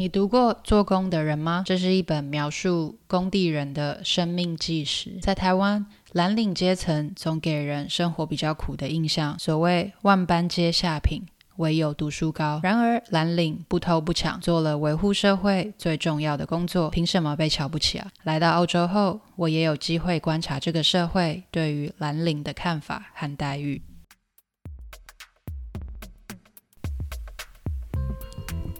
你讀過做工的人嗎？這是一本描述工地人的生命紀實。在台灣，藍領階層總給人生活比較苦的印象。所謂萬般皆下品，唯有讀書高。然而，藍領不偷不搶，做了維護社會最重要的工作，憑什麼被瞧不起啊？來到澳洲後，我也有機會觀察這個社會對於藍領的看法和待遇。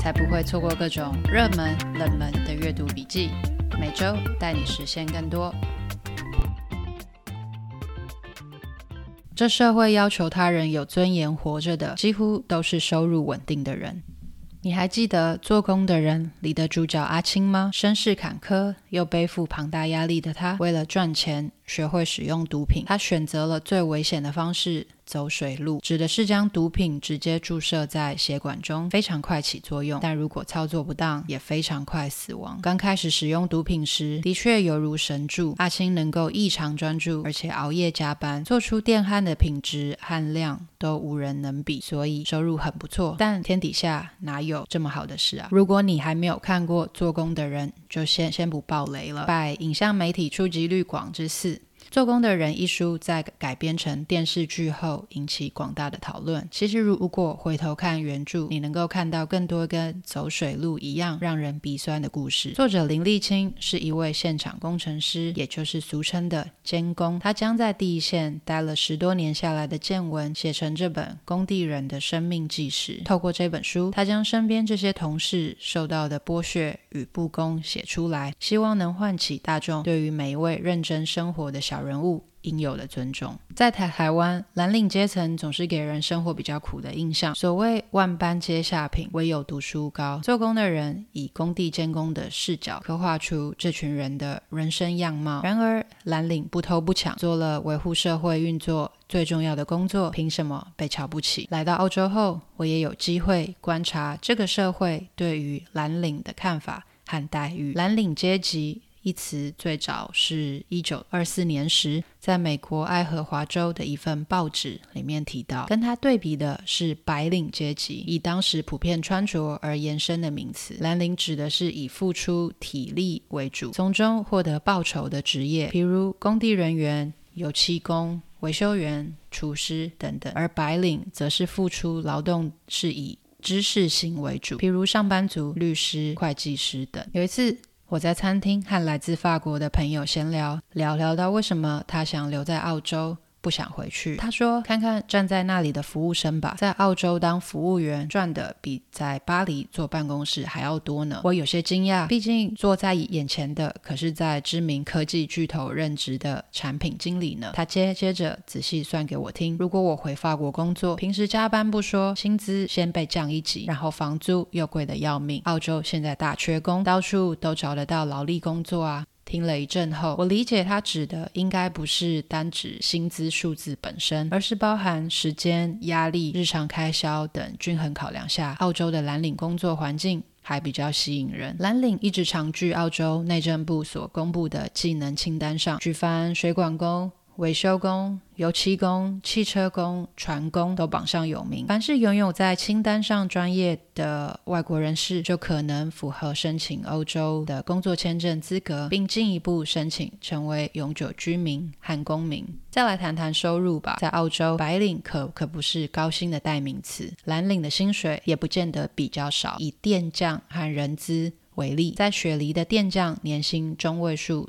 才不會錯過各種熱門、冷門的閱讀筆記，每周帶你實現更多。這社會要求他人有尊嚴活着的，幾乎都是收入穩定的人。你還記得《做工的人》裡的主角阿青嗎？身世坎坷又背負龐大壓力的他，為了賺錢，學會使用毒品。他選擇了最危險的方式。走水路指的是將毒品直接注射在血管中，非常快起作用。但如果操作不當，也非常快死亡。剛開始使用毒品時，的確猶如神助，阿青能夠異常專注，而且熬夜加班，做出電焊的品質和量都無人能比，所以收入很不錯。但天底下哪有這麼好的事啊？如果你還沒有看過《做工的人》，就先先不爆雷了。拜影像媒體觸及率廣之賜，《做工的人》一書在。改編成電視劇後，引起廣大的討論。其實，如果回頭看原著，你能夠看到更多跟走水路一樣讓人鼻酸的故事。作者林立青是一位現場工程師，也就是俗稱的監工。他將在第一線待了十多年下來的見聞，寫成這本《工地人的生命紀實》。透過這本書，他將身邊這些同事受到的剝削與不公寫出來，希望能喚起大眾對於每一位認真生活的小人物。應有的尊重。在台台灣，藍領階層總是給人生活比較苦的印象。所謂“萬般皆下品，唯有讀書高”，做工的人以工地監工的視角刻畫出這群人的人生樣貌。然而，藍領不偷不搶，做了維護社會運作最重要的工作，憑什麼被瞧不起？來到澳洲後，我也有機會觀察這個社會對於藍領的看法和待遇。藍領階級。一詞最早是一九二四年時，在美國愛荷華州的一份報紙裡面提到。跟它對比的是“白領階級”，以當時普遍穿着而延伸的名詞。藍領指的是以付出體力為主，從中獲得報酬的職業，譬如工地人員、油漆工、維修員、廚師等等；而白領則是付出勞動是以知識性為主，譬如上班族、律師、會計師等。有一次。我在餐廳和來自法國的朋友閒聊，聊聊到為什麼他想留在澳洲。不想回去，他說：“看看站在那裡的服務生吧，在澳洲當服務員賺的比在巴黎坐辦公室還要多呢。”我有些驚訝，畢竟坐在眼前的可是，在知名科技巨頭任職的產品經理呢。他接接着仔細算給我聽：“如果我回法國工作，平時加班不說，薪資先被降一級，然後房租又貴得要命。澳洲現在大缺工，到處都找得到勞力工作啊。”聽了一陣後，我理解，他指的應該不是單指薪資數字本身，而是包含時間、壓力、日常開銷等均衡考量下，澳洲的藍領工作環境還比較吸引人。藍領一直長據澳洲內政部所公布的技能清單上，舉凡水管工。維修工、油漆工、汽車工、船工都榜上有名。凡是擁有在清單上專業的外國人士，就可能符合申請澳洲的工作簽證資格，並進一步申請成為永久居民和公民。再來談談收入吧，在澳洲，白領可可不是高薪的代名詞，藍領的薪水也不見得比較少。以電匠和人資為例，在雪梨的電匠年薪中位數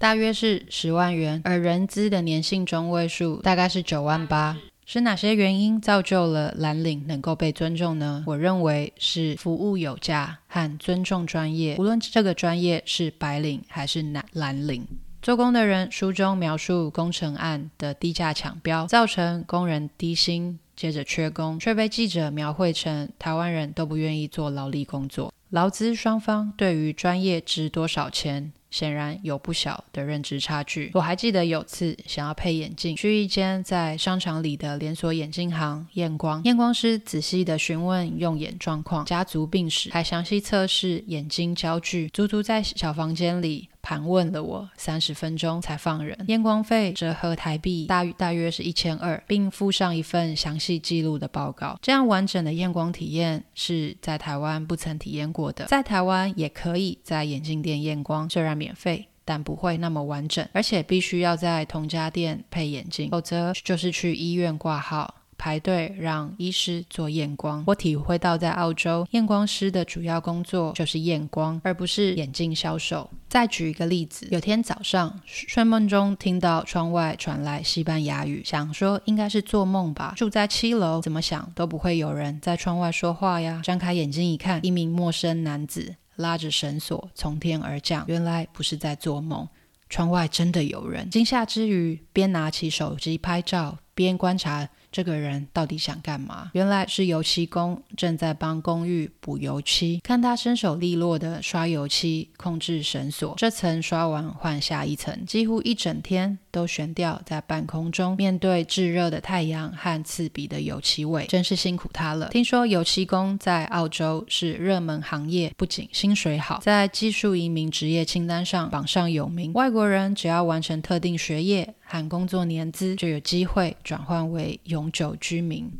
大約是十萬元，而人資的年薪中位數大概是九萬八。是哪些原因造就了藍領能夠被尊重呢？我認為是服務有價和尊重專業。無論這個專業是白領還是藍藍領，做工的人書中描述工程案的低價搶標，造成工人低薪，接着缺工，卻被記者描繪成台灣人都不願意做勞力工作。勞資雙方對於專業值多少錢，顯然有不小的認知差距。我還記得有次想要配眼鏡，去一間在商場裡的連鎖眼鏡行驗光。驗光師仔細地詢問用眼狀況、家族病史，還詳細測試眼睛焦距，足足在小房間裡，盤問了我三十分鐘才放人，驗光費折合台幣大約大約是一千二，並附上一份詳細記錄的報告。這樣完整的驗光體驗是在台灣不曾體驗過的。在台灣也可以在眼鏡店驗光，雖然免費，但不會那麼完整，而且必須要在同家店配眼鏡，否則就是去醫院掛號。排隊讓醫師做驗光，我體會到在澳洲，驗光師的主要工作就是驗光，而不是眼鏡銷售。再舉一個例子，有天早上睡夢中聽到窗外傳來西班牙語，想說應該是做夢吧？住在七樓，怎麼想都不會有人在窗外說話呀。張開眼睛一看，一名陌生男子拉着繩索從天而降，原來不是在做夢，窗外真的有人。驚嚇之餘，邊拿起手機拍照，邊觀察。這個人到底想幹嘛？原來是油漆工，正在幫公寓補油漆。看他身手利落地刷油漆，控制繩索，這層刷完換下一層，幾乎一整天。都懸吊在半空中，面對炙熱的太陽和刺鼻的油漆味，真是辛苦他了。聽說油漆工在澳洲是熱門行業，不僅薪水好，在技術移民職業清單上榜上有名。外國人只要完成特定學業和工作年資，就有機會轉換為永久居民。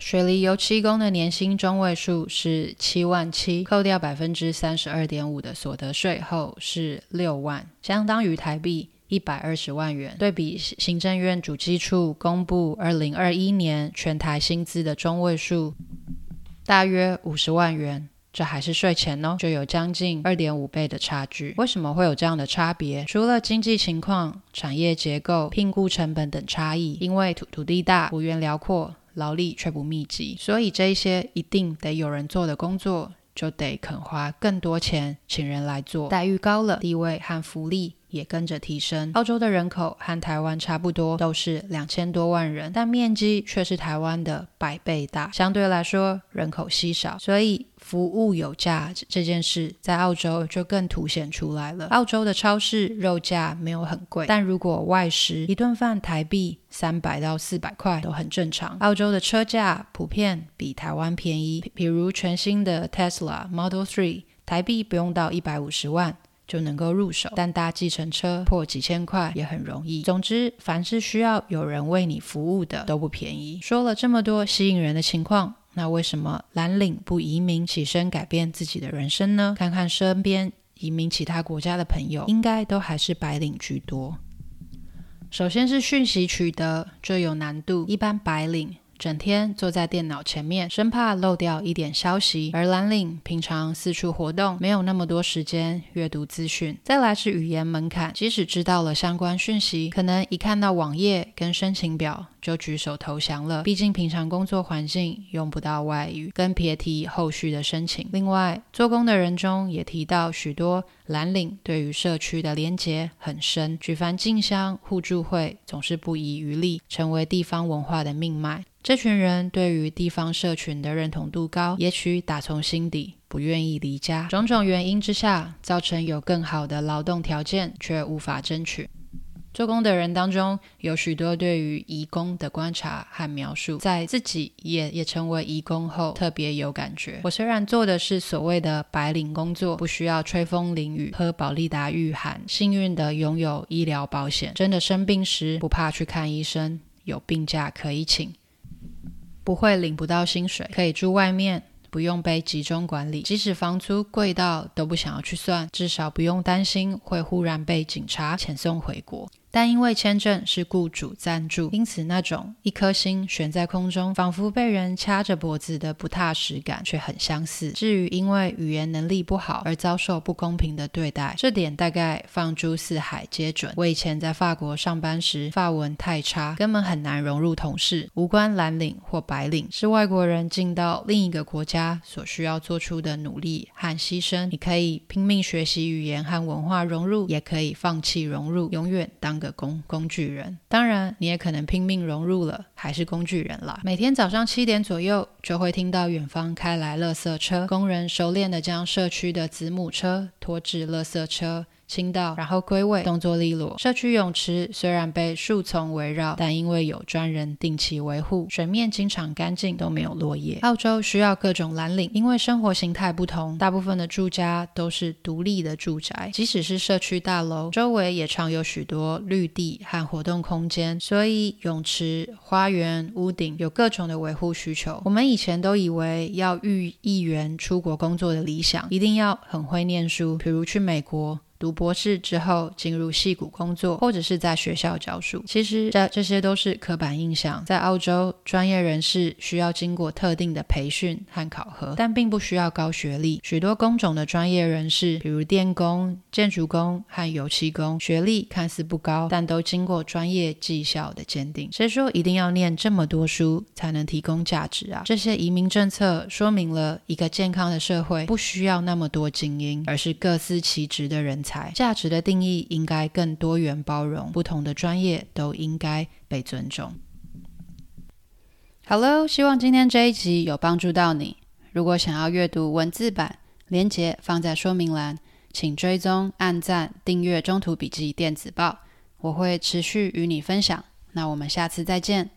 水泥油漆工的年薪中位數是七萬七，扣掉百分之三十二點五的所得稅後是六萬，相當於台幣一百二十萬元。對比行政院主計處公布二零二一年全台薪資的中位數，大約五十萬元，這還是稅前哦，就有將近二點五倍的差距。為什麼會有這樣的差別？除了經濟情況、產業結構、聘僱成本等差異，因為土土地大、幅員遼闊。勞力卻不密集，所以這些一定得有人做的工作，就得肯花更多錢請人來做，待遇高了，地位和福利。也跟着提升。澳洲的人口和台灣差不多，都是兩千多萬人，但面積卻是台灣的百倍大，相對來說人口稀少，所以服務有價這件事在澳洲就更凸顯出來了。澳洲的超市肉價沒有很貴，但如果外食，一頓飯台幣三百到四百塊都很正常。澳洲的車價普遍比台灣便宜，比如全新的 Tesla Model 3，台幣不用到一百五十萬。就能夠入手，但搭計程車破幾千塊也很容易。總之，凡是需要有人為你服務的都不便宜。說了這麼多吸引人的情況，那為什麼藍領不移民起身改變自己的人生呢？看看身邊移民其他國家的朋友，應該都還是白領居多。首先是訊息取得最有難度，一般白領，整天坐在電腦前面，生怕漏掉一點消息；而藍領平常四處活動，沒有那麼多時間閱讀資訊。再來是語言門檻，即使知道了相關訊息，可能一看到網頁跟申請表，就舉手投降了，畢竟平常工作環境用不到外語，更別提後續的申請。另外，做工的人中也提到許多藍領對於社區的連結很深，舉凡進香、互助會，總是不遺餘力，成為地方文化的命脈。這群人對於地方社群的認同度高，也許打從心底不願意離家。種種原因之下，造成有更好的勞動條件卻無法爭取。做工的人當中有許多對於移工的觀察和描述，在自己也也成為移工後特別有感覺。我雖然做的是所謂的白領工作，不需要吹風淋雨、喝保力達御寒，幸運地擁有醫療保險，真的生病時不怕去看醫生，有病假可以請，不會領不到薪水，可以住外面。不用被集中管理，即使房租貴到都不想要去算，至少不用擔心會忽然被警察遣送回國。但因為簽證是雇主贊助，因此那種一顆心懸在空中，仿佛被人掐着脖子的不踏實感卻很相似。至於因為語言能力不好而遭受不公平的對待，這點大概放諸四海皆準。我以前在法國上班時，法文太差，根本很難融入同事，無關藍領或白領，是外國人進到另一個國家所需要做出的努力和犧牲。你可以拼命學習語言和文化融入，也可以放棄融入，永遠當。個工工具人，當然你也可能拼命融入了，還是工具人啦。每天早上七點左右，就會聽到遠方開來垃圾車，工人熟練的將社區的子母車拖至垃圾車，清道、然後歸位，動作利落。社區泳池雖然被樹叢圍繞，但因為有專人定期維護，水面經常乾淨，都沒有落葉。澳洲需要各種藍領，因為生活形態不同，大部分的住家都是獨立的住宅，即使是社區大樓，周圍也常有許多綠地和活動空間，所以泳池、花園、屋頂有各種的維護需求。我們以前都以為要遇議員出國工作的理想，一定要很會唸書，比如去美國。讀博士之後進入戲骨工作，或者是在學校教書，其實這這些都是刻板印象。在澳洲，專業人士需要經過特定的培訓和考核，但並不需要高學歷。許多工種的專業人士，比如電工、建築工和油漆工，學歷看似不高，但都經過專業績效的鑑定。誰說一定要念這麼多書才能提供價值啊？這些移民政策說明了一個健康的社會不需要那麼多精英，而是各司其職的人才。才價值的定義應該更多元包容，不同的專業都應該被尊重。Hello，希望今天這一集有幫助到你。如果想要閱讀文字版，連接放在說明欄，請追蹤、按讚、訂閱“中途筆記電子報”，我會持續與你分享。那我們下次再見。